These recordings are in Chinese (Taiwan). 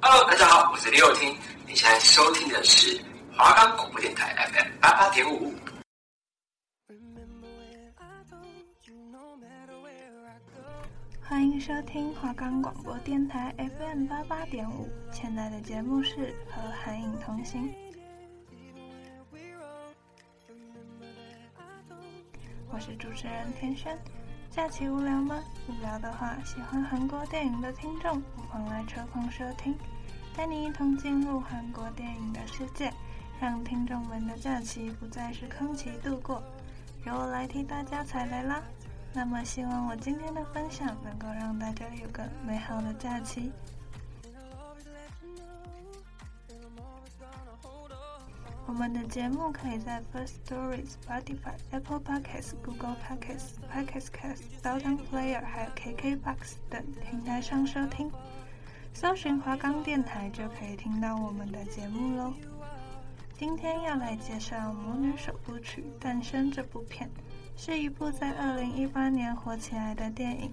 Hello，大家好，我是李友聽，你現在收聽的是華岡廣播電台 FM 88.5。五。歡迎收聽華岡廣播電台 FM 88.5，五，現在的節目是《和韓影同行》，我是主持人田瑄。假期無聊嗎？無聊的話，喜歡韓國電影的聽眾不妨來抽空收聽，帶你一同進入韓國電影的世界，讓聽眾們的假期不再是空虛度過。由我來替大家踩雷啦。那麼，希望我今天的分享能夠讓大家有個美好的假期。我們的節目可以在 Firstory、Spotify、Apple Podcasts、Google Podcasts、Podcastcast、SoundPlayer，還有 KKBox 等平台上收聽。搜尋華岡電台就可以聽到我們的節目嘍。今天要來介紹《魔女首部曲》誕生這部片，是一部在二零一八年火起來的電影。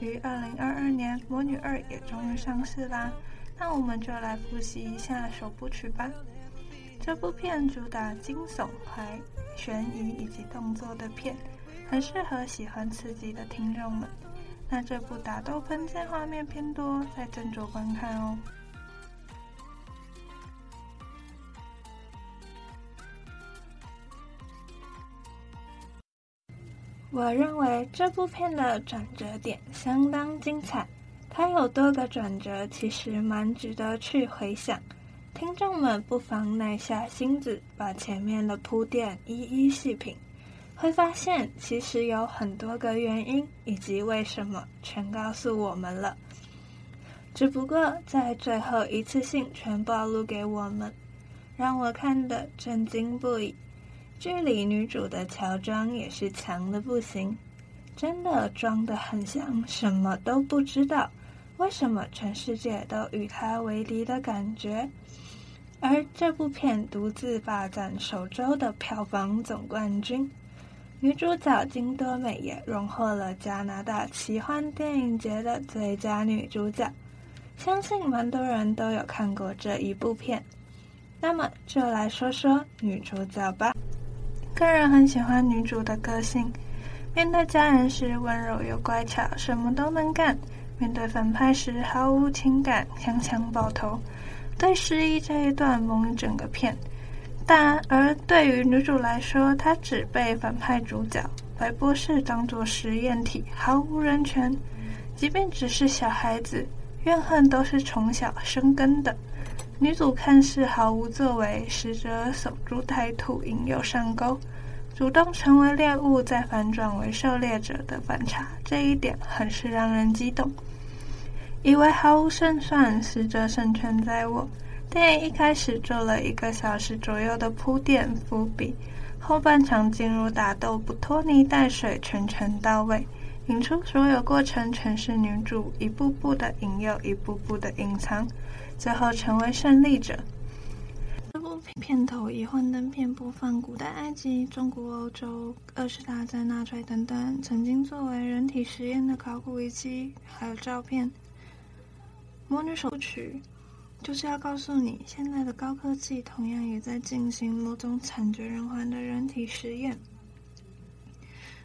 於二零二二年，《魔女二》也終於上市啦。那我們就來複習一下首部曲吧。這部片主打驚悚、還懸疑以及動作的片，很適合喜歡刺激的聽眾們。那這部打鬥噴濺畫面偏多，再斟酌觀看哦。我認為這部片的轉折點相當精彩，它有多個轉折，其實蠻值得去回想。聽眾們不妨耐下性子，把前面的鋪墊一一細品，會發現其實有很多個原因以及為什麼全告訴我們了。只不過在最後一次性全暴露給我們，讓我看得震驚不已。劇裡女主的喬裝也是強的不行，真的裝得很像，什麼都不知道，為什麼全世界都與她為敵的感覺？而這部片獨自霸占首周的票房總冠軍，女主角金多美也榮獲了加拿大奇幻電影節的最佳女主角。相信蠻多人都有看過這一部片，那麼就來說說女主角吧。個人很喜歡女主的個性，面對家人時溫柔又乖巧，什麼都能幹；面對反派時毫無情感，槍槍爆頭。對失憶這一段蒙了整個片，但而對於女主來說，她只被反派主角白博士當作實驗體，毫無人權。即便只是小孩子，怨恨都是從小生根的。女主看似毫無作為，實則守株待兔，引誘上鈎，主動成為獵物，再反轉為狩獵者的反差，這一點很是讓人激動。以為毫無勝算，實則勝券在握。電影一開始做了一個小時左右的鋪墊伏筆，後半場進入打鬥不拖泥帶水，全程到位，引出所有過程全是女主一步步的引誘，一步步的隱藏，最後成為勝利者。這部片片頭以幻燈片播放古代埃及、中國、歐洲、二次大戰、納粹等等曾經作為人體實驗的考古遺跡，還有照片。魔女首部曲，就是要告訴你，現在的高科技同樣也在進行某種慘絕人寰的人體實驗。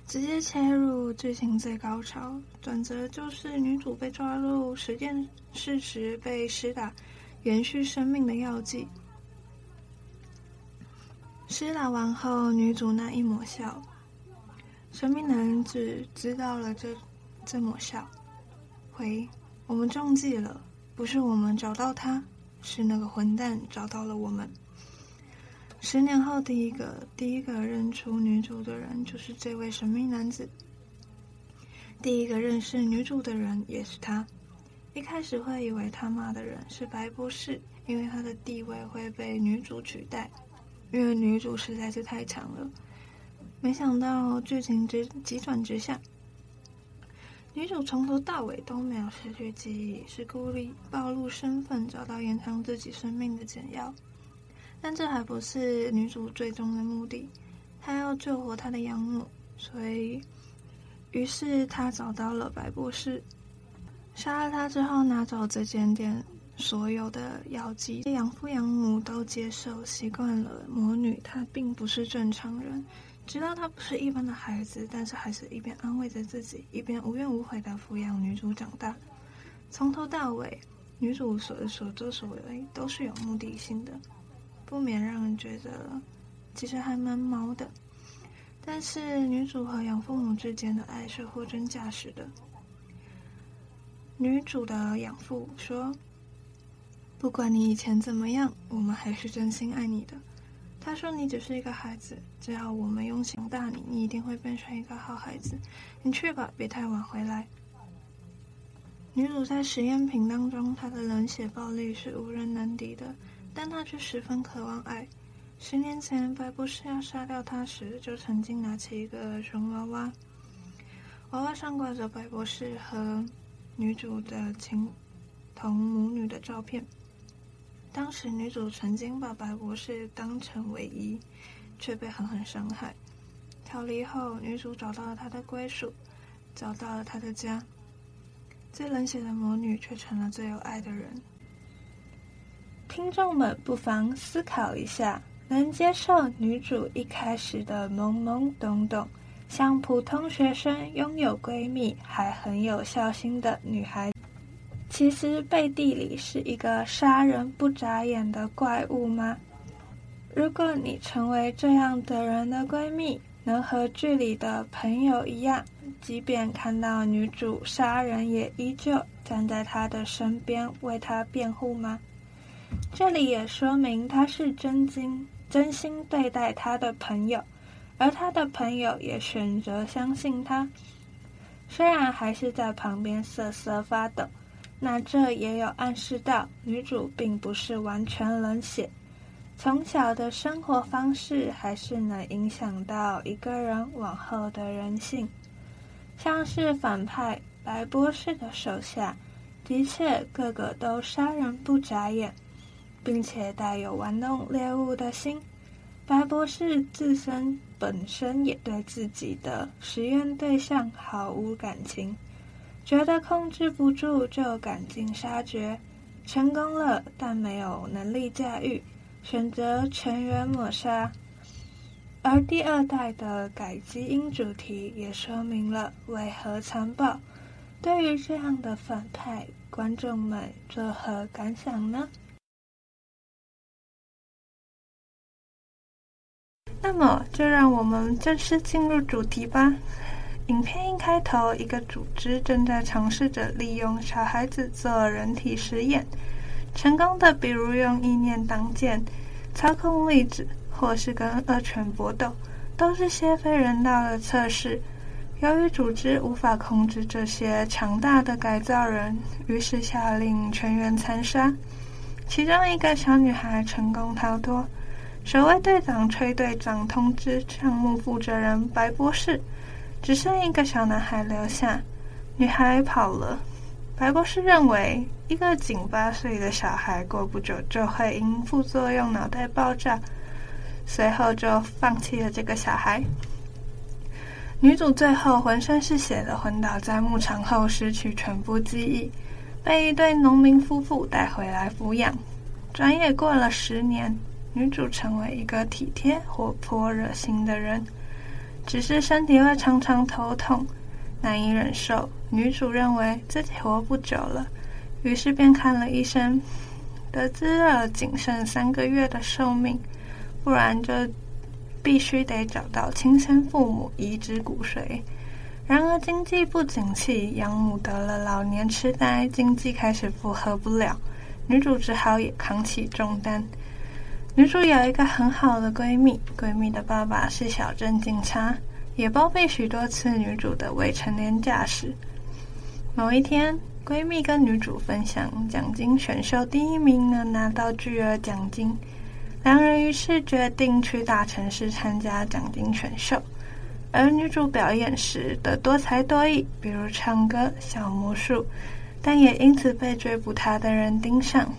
直接切入劇情最高潮，轉折就是女主被抓入實驗室時被施打延續生命的藥劑。施打完後，女主那一抹笑，神秘男子知道了這這抹笑，回我們中計了。不是我們找到他，是那個混蛋找到了我們。十年後，第一個第一個認出女主的人就是這位神秘男子。第一個認識女主的人也是他。一開始會以為他罵的人是白博士，因為他的地位會被女主取代，因為女主實在是太強了。沒想到劇情直急轉直下。女主從頭到尾都沒有失去記憶，是故意暴露身份，找到延長自己生命的解藥。但這還不是女主最終的目的，她要救活她的養母，所以，於是她找到了白博士，殺了他之後，拿走這間店所有的藥劑。養父養母都接受習慣了魔女，她並不是正常人。知道她不是一般的孩子，但是還是一邊安慰着自己，一邊無怨無悔的撫養女主長大。從頭到尾，女主所所作所為都是有目的性的，不免讓人覺得其實還蠻毛的。但是女主和養父母之間的愛是貨真價實的。女主的養父說：“不管你以前怎麼樣，我們還是真心愛你的。”他說：“你只是一個孩子，只要我們用心帶大你，你一定會變成一個好孩子。你去吧，別太晚回來。”女主在實驗品當中，她的冷血暴力是無人能敵的，但她卻十分渴望愛。十年前，白博士要殺掉她時，就曾經拿起一個熊娃娃，娃娃上掛着白博士和女主的情同母女的照片。當時女主曾經把白博士當成唯一，卻被狠狠傷害。逃離後，女主找到了她的歸屬，找到了她的家。最冷血的魔女卻成了最有愛的人。聽眾們不妨思考一下，能接受女主一開始的懵懵懂懂，像普通學生，擁有閨蜜，還很有孝心的女孩，其實背地裡是一個殺人不眨眼的怪物嗎？如果你成為這樣的人的閨蜜，能和劇裡的朋友一樣，即便看到女主殺人，也依舊站在她的身邊為她辯護嗎？這裡也說明她是真心，真心對待她的朋友，而她的朋友也選擇相信她，雖然還是在旁邊瑟瑟發抖。那這也有暗示到，女主並不是完全冷血，從小的生活方式還是能影響到一個人往後的人性。像是反派白博士的手下，的確個個都殺人不眨眼，並且帶有玩弄獵物的心，白博士自身本身也對自己的實驗對象毫無感情。覺得控制不住就趕盡殺絕，成功了，但沒有能力駕馭，選擇全員抹殺。而第二代的改基因主題也說明了為何殘暴。對於這樣的反派，觀眾們作何感想呢？那麼，就讓我們正式進入主題吧。影片一開頭，一個組織正在嘗試着利用小孩子做人體實驗，成功的，比如用意念擋劍操控位置，或是跟惡犬搏鬥，都是些非人道的測試。由於組織無法控制這些強大的改造人，於是下令全員殘殺。其中一個小女孩成功逃脫，守衛隊長崔隊長通知項目負責人白博士。只剩一個小男孩留下，女孩跑了。白博士認為，一個僅八歲的小孩過不久就會因副作用腦袋爆炸，隨後就放棄了這個小孩。女主最後渾身是血的昏倒在牧場後，失去全部記憶，被一對農民夫婦帶回來撫養。轉眼過了十年，女主成為一個體貼、活潑、熱心的人。只是身體會常常頭痛，難以忍受。女主認為自己活不久了，於是便看了醫生，得知了僅剩三個月的壽命，不然就必須得找到親生父母移植骨髓。然而經濟不景氣，養母得了老年癡呆，經濟開始負荷不了，女主只好也扛起重擔。女主有一個很好的閨蜜，閨蜜的爸爸是小鎮警察，也包庇許多次女主的未成年駕駛。某一天，閨蜜跟女主分享獎金選秀第一名能拿到巨額獎金，兩人於是決定去大城市參加獎金選秀。而女主表演時的多才多藝，比如唱歌、小魔術，但也因此被追捕她的人盯上。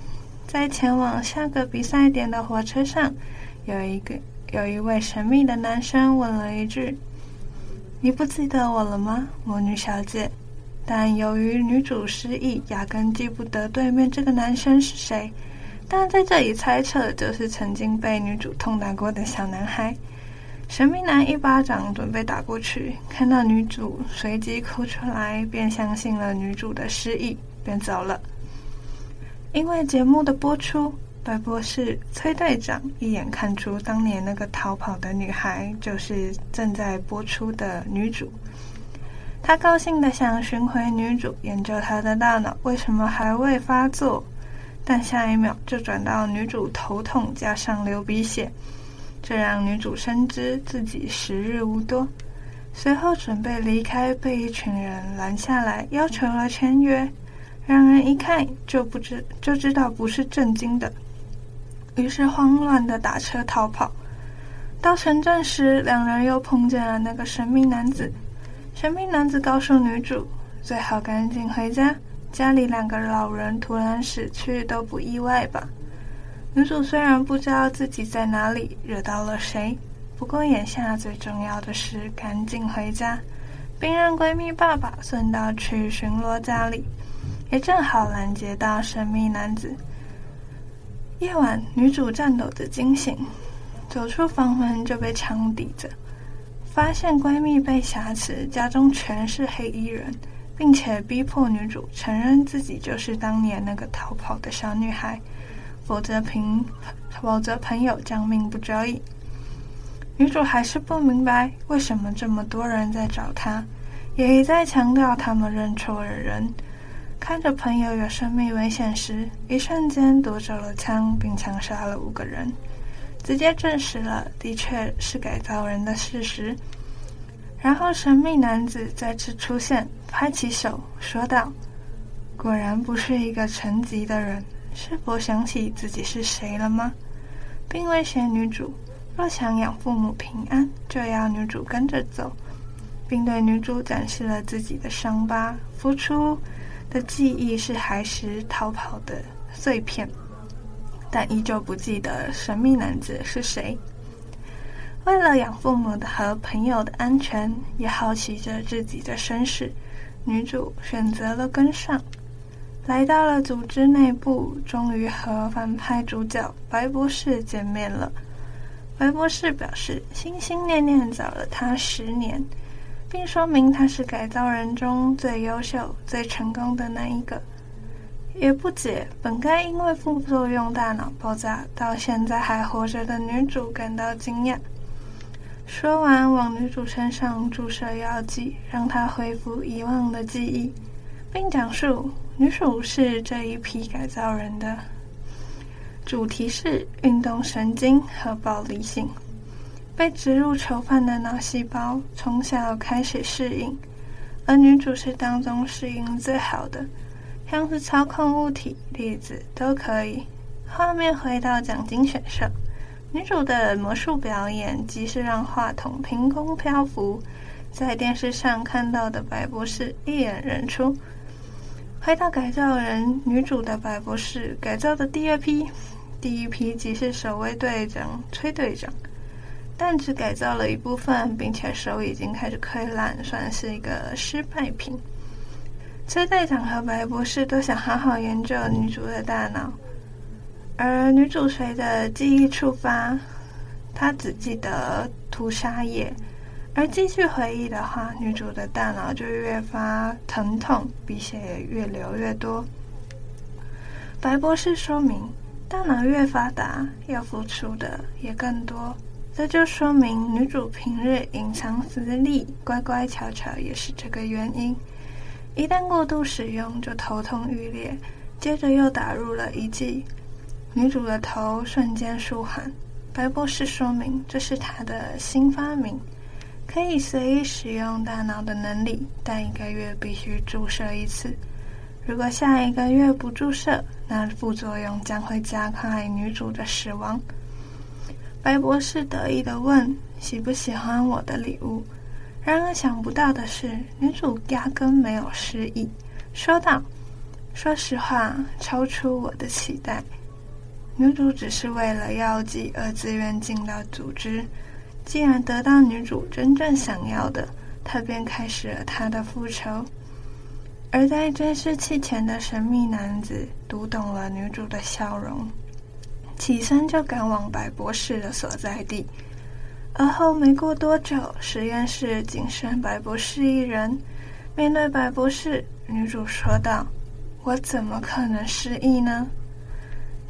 在前往下個比賽點的火車上，有一個有一位神秘的男生問了一句：“你不記得我了嗎，魔女小姐？”但由於女主失憶，壓根記不得對面這個男生是誰。但在這裡猜測就是曾經被女主痛打過的小男孩。神秘男一巴掌準備打過去，看到女主隨即哭出來，便相信了女主的失憶，便走了。因為節目的播出，白博士崔隊長一眼看出當年那個逃跑的女孩就是正在播出的女主。他高興的想尋回女主，研究她的大腦為什麼還未發作，但下一秒就轉到女主頭痛加上流鼻血，這讓女主深知自己時日無多。隨後準備離開，被一群人攔下來，要求了簽約。兩人一看就不知就知道不是正經的，於是慌亂的打車逃跑。到城鎮時，兩人又碰見了那個神秘男子。神秘男子告訴女主：“最好趕緊回家，家裡兩個老人突然死去都不意外吧。”女主雖然不知道自己在哪裡惹到了誰，不過眼下最重要的是趕緊回家，並讓閨蜜爸爸送她去巡邏家裡。也正好攔截到神秘男子。夜晚，女主顫抖着驚醒，走出房門就被槍抵着，發現閨蜜被挾持，家中全是黑衣人，並且逼迫女主承認自己就是當年那個逃跑的小女孩，否則朋否則朋友將命不久矣。女主還是不明白為什麼這麼多人在找她，也一再強調他們認錯了人、人。看着朋友有生命危險時，一瞬間奪走了槍並槍殺了五個人，直接證實了的確是改造人的事實。然後神秘男子再次出現，拍起手說道：“果然不是一個層級的人，是否想起自己是誰了嗎？”並威脅女主：“若想養父母平安，就要女主跟着走。”並對女主展示了自己的傷疤，付出。的記憶是孩時逃跑的碎片，但依舊不記得神秘男子是誰。為了養父母的和朋友的安全，也好奇着自己的身世，女主選擇了跟上，來到了組織內部，終於和反派主角白博士見面了。白博士表示，心心念念找了他十年。並說明他是改造人中最優秀、最成功的那一個，也不解本該因為副作用大腦爆炸到現在還活着的女主感到驚訝。說完，往女主身上注射藥劑，讓她恢復遺忘的記憶，並講述女主是這一批改造人的主題是運動神經和暴力性。被植入囚犯的腦細胞，從小開始適應，而女主是當中適應最好的，像是操控物體、粒子都可以。畫面回到獎金選手，女主的魔術表演，即是讓話筒憑空漂浮。在電視上看到的白博士一眼認出。回到改造人，女主的白博士改造的第二批，第一批即是守衛隊長崔隊長。但只改造了一部分，並且手已經開始潰爛，算是一個失敗品。崔隊長和白博士都想好好研究女主的大腦，而女主隨着記憶觸發，她只記得屠殺夜。而繼續回憶的話，女主的大腦就越發疼痛，鼻血也越流越多。白博士說明，大腦越發達，要付出的也更多。這就說明女主平日隱藏實力，乖乖巧巧也是這個原因。一旦過度使用，就頭痛欲裂。接着又打入了一劑，女主的頭瞬間舒緩。白博士說明，這是他的新發明，可以隨意使用大腦的能力，但一個月必須注射一次。如果下一個月不注射，那副作用將會加快女主的死亡。白博士得意地問：“喜不喜歡我的禮物？”然而想不到的是，女主壓根沒有失憶，說道：“說實話，超出我的期待。”女主只是為了藥劑而自願進到組織。既然得到女主真正想要的，她便開始了她的復仇。而在監視器前的神秘男子讀懂了女主的笑容。起身就趕往白博士的所在地，而後沒過多久，實驗室僅剩白博士一人。面對白博士，女主說道：“我怎麼可能失憶呢？”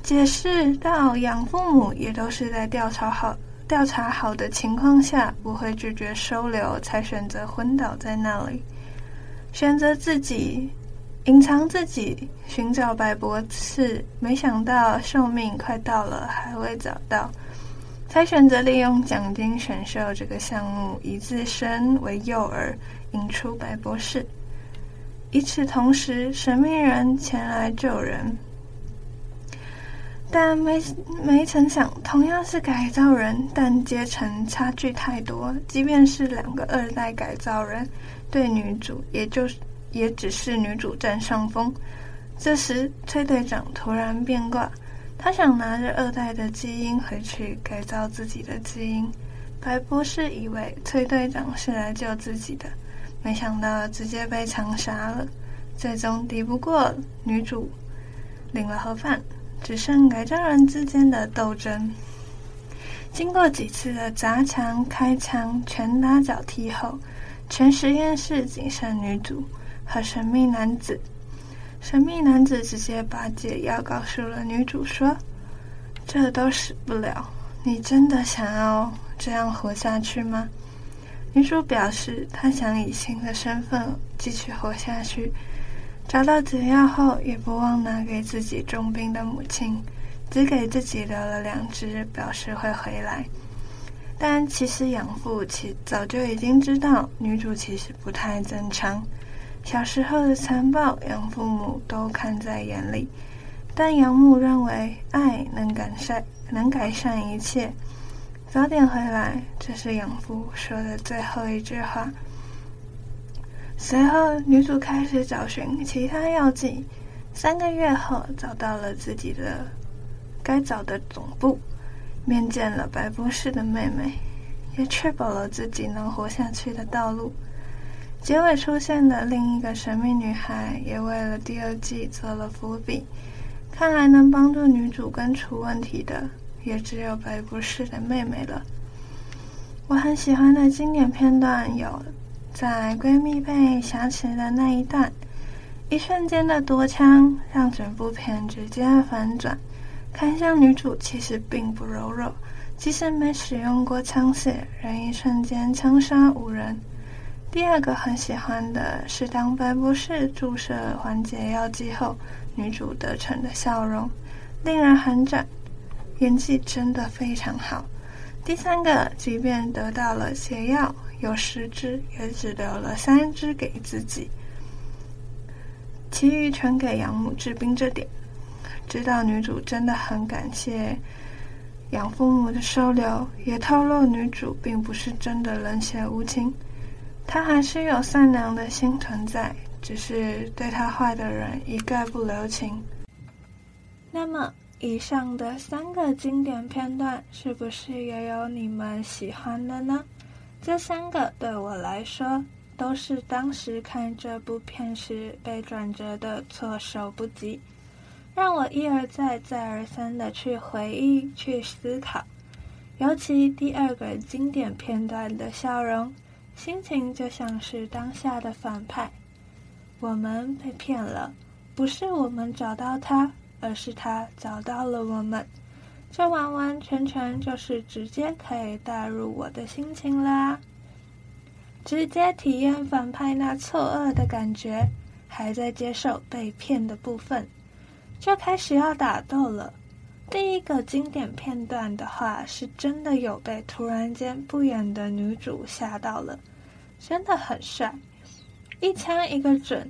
解釋道：“養父母也都是在調查好、調查好的情況下，不會拒絕收留，才選擇昏倒在那裡，選擇自己。”隱藏自己、尋找白博士，沒想到壽命快到了，還未找到，才選擇利用獎金選秀這個項目，以自身為誘餌引出白博士。與此同時，神秘人前來救人，但沒沒曾想，同樣是改造人，但階層差距太多，即便是兩個二代改造人，對女主也就是。也只是女主佔上風。這時，崔隊長突然變卦，他想拿着二代的基因回去改造自己的基因。白博士以為崔隊長是來救自己的，沒想到直接被槍殺了。最終敵不過女主，領了盒飯。只剩改造人之間的鬥爭。經過幾次的砸牆、開槍、拳打腳踢後，全實驗室僅剩女主和神祕男子，神秘男子直接把解藥告訴了女主，說：“這都死不了，你真的想要這樣活下去嗎？”女主表示她想以新的身份繼續活下去。找到解藥後，也不忘拿給自己重病的母親，只給自己留了兩支，表示會回來。但其實養父其早就已經知道女主其實不太正常。小時候的殘暴，養父母都看在眼裡，但養母認為愛能改善，能改善一切。早點回來，這是養父說的最後一句話。隨後，女主開始找尋其他藥劑。三個月後，找到了自己的該找的總部，面見了白博士的妹妹，也確保了自己能活下去的道路。結尾出現的另一個神秘女孩，也為了第二季做了伏筆。看來能幫助女主根除問題的，也只有白博士的妹妹了。我很喜歡的經典片段有，在閨蜜被挾持的那一段，一瞬間的奪槍讓整部片直接反轉，看向女主其實並不柔弱，即使沒使用過槍械，人一瞬間槍殺五人。第二個很喜歡的是，當白博士注射緩解藥劑後，女主得逞的笑容，令人很讚，演技真的非常好。第三個，即便得到了解藥，有十支也只留了三支給自己，其餘全給養母治病這點，知道女主真的很感謝養父母的收留，也透露女主並不是真的冷血無情。他還是有善良的心存在，只是對他壞的人一概不留情。那麼，以上的三個經典片段，是不是也有你們喜歡的呢？這三個對我來說，都是當時看這部片時被轉折的措手不及，讓我一而再、再而三的去回憶、去思考。尤其第二個經典片段的笑容。心情就像是當下的反派，我們被騙了，不是我們找到他，而是他找到了我們，這完完全全就是直接可以帶入我的心情啦，直接體驗反派那錯愕的感覺，還在接受被騙的部分，就開始要打鬥了。第一個經典片段的話，是真的有被突然間不遠的女主嚇到了，真的很帥，一槍一個準。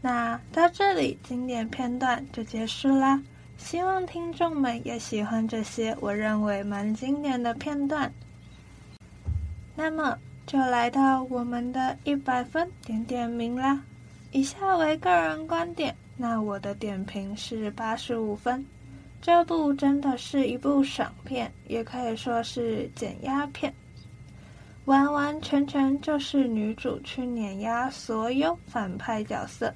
那到這裡，經典片段就結束啦。希望聽眾們也喜歡這些我認為蠻經典的片段。那麼就來到我們的一百分點點名啦，以下為個人觀點。那我的點評是八十五分。這部真的是一部爽片，也可以說是減壓片，完完全全就是女主去碾壓所有反派角色。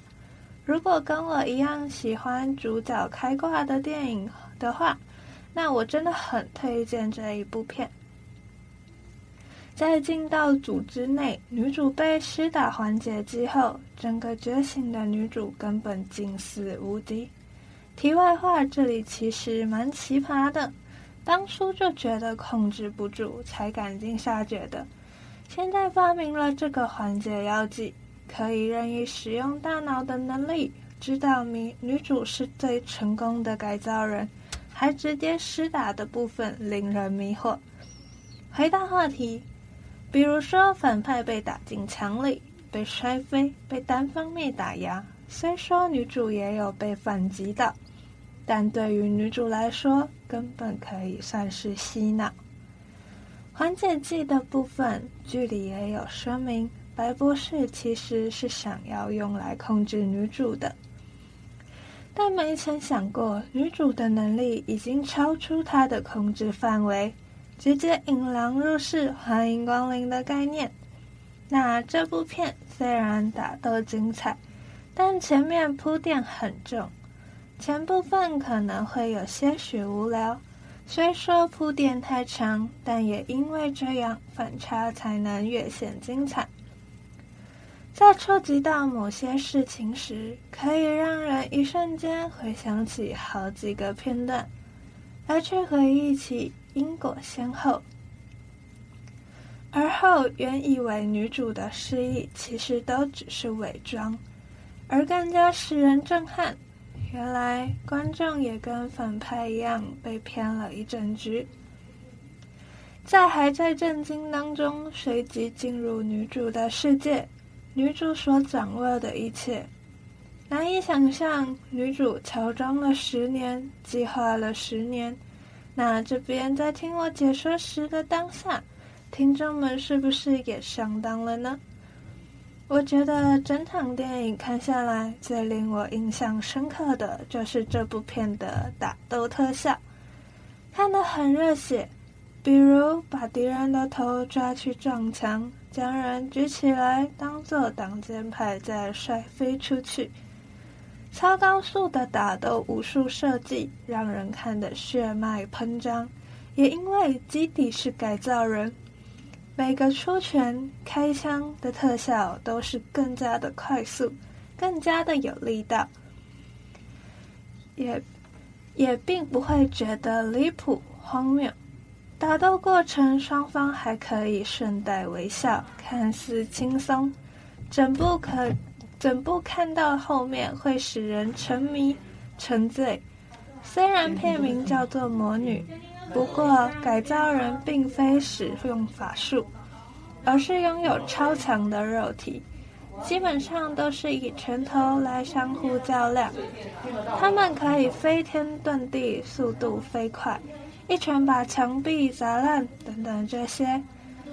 如果跟我一樣喜歡主角開掛的電影的話，那我真的很推薦這一部片。在進到組織內，女主被施打緩解劑之後，整個覺醒的女主根本近似無敵。題外話，這裡其實蠻奇葩的，當初就覺得控制不住，才趕盡殺絕的。現在發明了這個緩解藥劑，可以任意使用大腦的能力。知道女女主是最成功的改造人，還直接施打的部分令人迷惑。回到話題，比如說反派被打進牆裡、被摔飛、被單方面打壓。雖說女主也有被反擊的，但對於女主來說，根本可以算是洗腦。緩解劑的部分，劇裡也有說明，白博士其實是想要用來控制女主的，但沒曾想過女主的能力已經超出她的控制範圍，直接引狼入室，歡迎光臨的概念。那這部片雖然打鬥精彩，但前面鋪墊很重。前部分可能會有些許無聊，雖說鋪墊太長，但也因為這樣反差才能越顯精彩。在觸及到某些事情時，可以讓人一瞬間回想起好幾個片段，而去回憶起因果先後。而後，原以為女主的失憶其實都只是偽裝，而更加使人震撼。原來觀眾也跟反派一樣被騙了一整局，在還在震驚當中，隨即進入女主的世界，女主所掌握的一切，難以想象。女主喬裝了十年，計劃了十年，那這邊在聽我解說時的當下，聽眾們是不是也上當了呢？我覺得整場電影看下來，最令我印象深刻的就是這部片的打鬥特效，看得很熱血。比如把敵人的頭抓去撞牆，將人舉起來當做擋箭牌再甩飛出去，超高速的打鬥武術設計讓人看得血脈噴張。也因為基底是改造人。每個出拳、開槍的特效都是更加的快速、更加的有力道，也也並不會覺得離譜、荒謬。打鬥過程雙方還可以順帶微笑，看似輕鬆。整部可整部看到後面會使人沉迷沉醉。雖然片名叫做《魔女》。不過，改造人並非使用法術，而是擁有超強的肉體，基本上都是以拳頭來相互較量。他們可以飛天遁地，速度飛快，一拳把牆壁砸爛等等這些。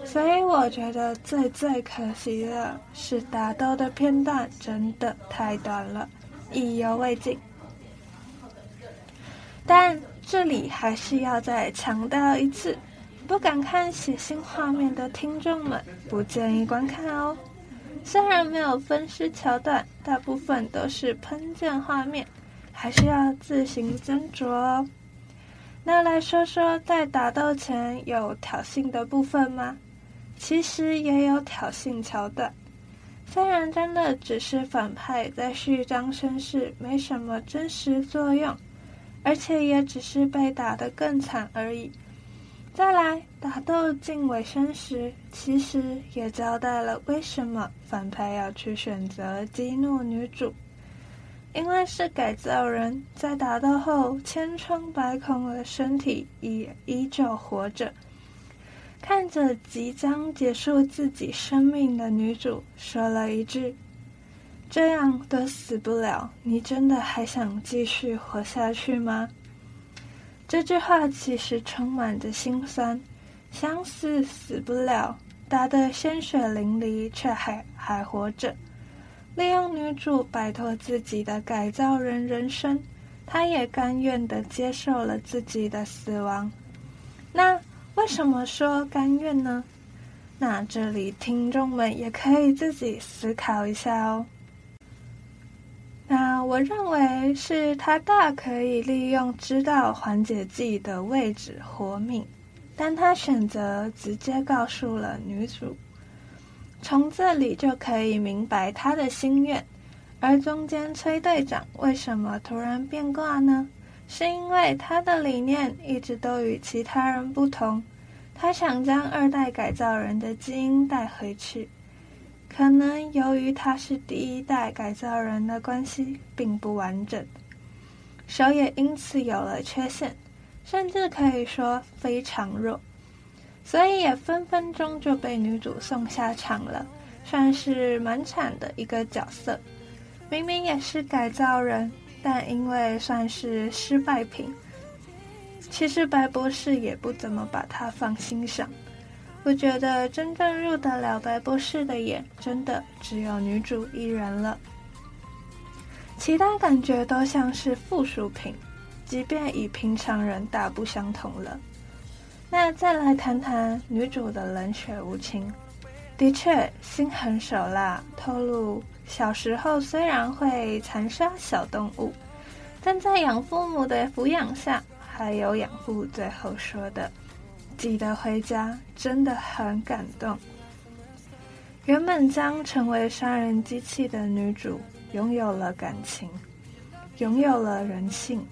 所以我覺得最最可惜的是打鬥的片段真的太短了，意猶未盡。但。這裡還是要再強調一次，不敢看血腥畫面的聽眾們不建議觀看哦。雖然沒有分屍橋段，大部分都是噴濺畫面，還是要自行斟酌哦。那來說說在打鬥前有挑釁的部分嗎？其實也有挑釁橋段，雖然真的只是反派在虛張聲勢，沒什麼真實作用。而且也只是被打得更慘而已。再來，打鬥近尾聲時，其實也交代了為什麼反派要去選擇激怒女主，因為是改造人，在打鬥後千瘡百孔的身體也依舊活着，看着即將結束自己生命的女主，說了一句。這樣都死不了，你真的還想繼續活下去嗎？這句話其實充滿着心酸。想死死不了，打得鮮血淋漓，卻還還活着。利用女主擺脫自己的改造人人生，她也甘願的接受了自己的死亡。那為什麼說甘願呢？那這裡聽眾們也可以自己思考一下哦。我認為是他大可以利用知道緩解劑的位置活命，但他選擇直接告訴了女主。從這裡就可以明白他的心願。而中間崔隊長為什麼突然變卦呢？是因為他的理念一直都與其他人不同，他想將二代改造人的基因帶回去。可能由於他是第一代改造人的關係，並不完整，手也因此有了缺陷，甚至可以說非常弱，所以也分分鐘就被女主送下場了，算是蠻慘的一個角色。明明也是改造人，但因為算是失敗品，其實白博士也不怎麼把他放心上。我覺得真正入得了白博士的眼，真的只有女主一人了。其他感覺都像是附屬品，即便與平常人大不相同了。那再來談談女主的冷血無情。的確，心狠手辣，透露小時候雖然會殘殺小動物，但在養父母的撫養下，還有養父最後說的。記得回家真的很感動。原本將成為殺人機器的女主，擁有了感情，擁有了人性，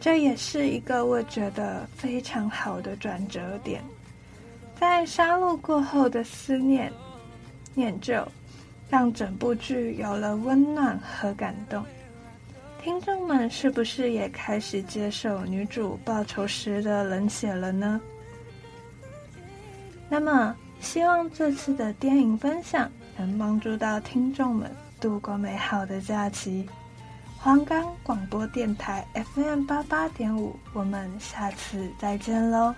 這也是一個我覺得非常好的轉折點。在殺戮過後的思念、念舊，讓整部劇有了溫暖和感動。聽眾們是不是也開始接受女主報仇時的冷血了呢？那麼，希望這次的電影分享能幫助到聽眾們度過美好的假期。華岡廣播電臺 FM 八八點五，我們下次再見嘍。